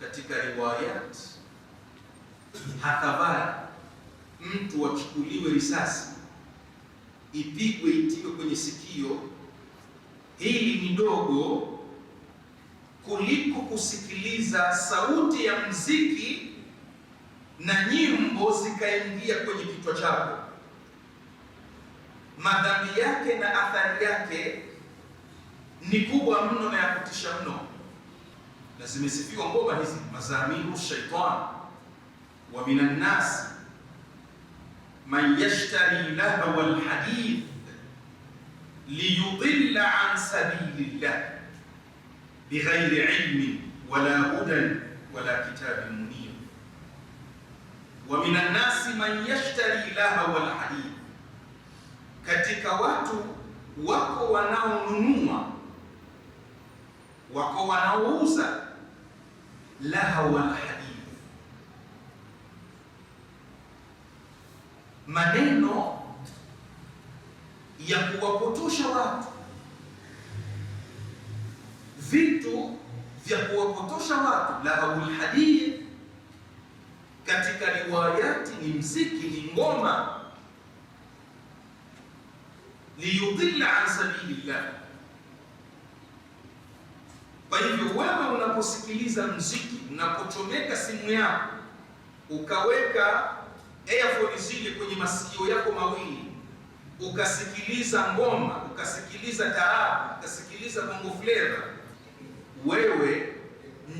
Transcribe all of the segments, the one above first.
katika riwayat hakabara, mtu achukuliwe risasi ipigwe itiwe kwenye sikio. Hili ni dogo kuliko kusikiliza sauti ya mziki na nyimbo zikaingia kwenye kichwa chako. Madhambi yake na athari yake ni kubwa mno na ya kutisha mno na zimesifiwa ngoma hizi mazamiru shaitani wa minan nas man yashtari lahwa alhadith liyudilla an sabilillah bighairi ilmin wala hudan wala kitabin munir wa minan nas man yashtari lahwa alhadith, katika watu wako wanaonunua, wako wanaouza lahwa alhadith, maneno ya kuwapotosha watu, vitu vya kuwapotosha watu. Lahwa alhadith katika riwayati ni mziki, ni ngoma, liyudilla an sabilillah. Kwa hivyo wewe unaposikiliza mziki, na kuchomeka simu yako ukaweka earphone zile kwenye masikio yako mawili, ukasikiliza ngoma, ukasikiliza taarabu ukasikiliza bongo fleva, wewe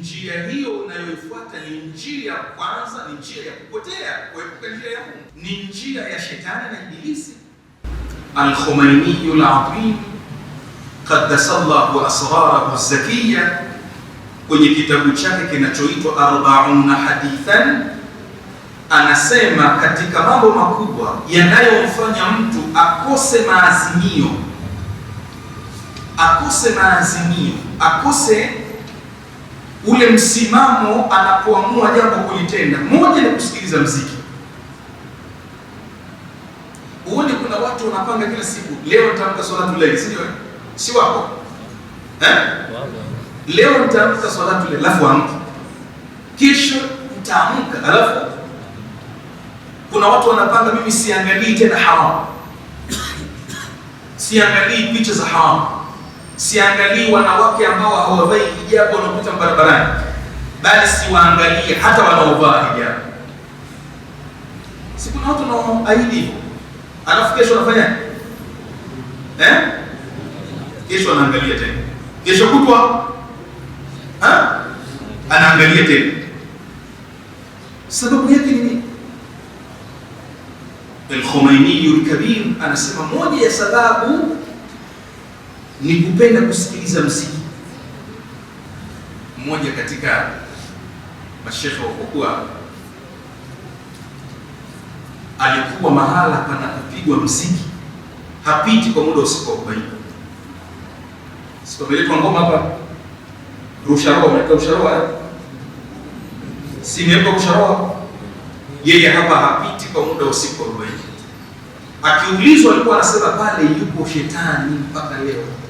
njia hiyo unayoifuata ni njia ya kwanza, ni njia ya kupotea, kuepuka njia ya Mungu, ni njia ya shetani na ibilisi. al khumaini al-Azim qaddasallahu asrarahu az-zakiyya kwenye kitabu chake kinachoitwa Arbauna Hadithan, anasema katika mambo makubwa yanayomfanya mtu akose maazimio, akose maazimio, akose ule msimamo anapoamua jambo kulitenda, moja ni kusikiliza mziki. Uone kuna watu wanapanga kila siku, leo nitaamka swala tulaili, sio? Si wako eh? Leo nitaamka swala tule, alafu amka, kesho nitaamka alafu kuna watu wanapanga, mimi siangalii tena haram siangalii picha za haram siangalii wanawake ambao hawavai hijabu wanaopita barabarani, bali siwaangalie hata wanaovaa hijabu. Si kuna watu wanaoahidi hivyo, alafu kesho wanafanya eh? Kesho wanaangalia tena, kesho kutwa anaangalia tena sababu yake ni nini? Al-Khomeini al-Kabir anasema moja ya sababu ni kupenda kusikiliza muziki. Mmoja katika mashekhe wakokuwa alikuwa mahala kupigwa muziki, hapiti kwa muda usipokubalika. Sikuameletwa ngoma hapa Rusharwa, umeandika Rusharwa eh? Si imewekwa Rusharwa. Yeye hapa hapiti kwa muda usiku arobaini. Akiulizwa alikuwa anasema pale yupo shetani mpaka leo.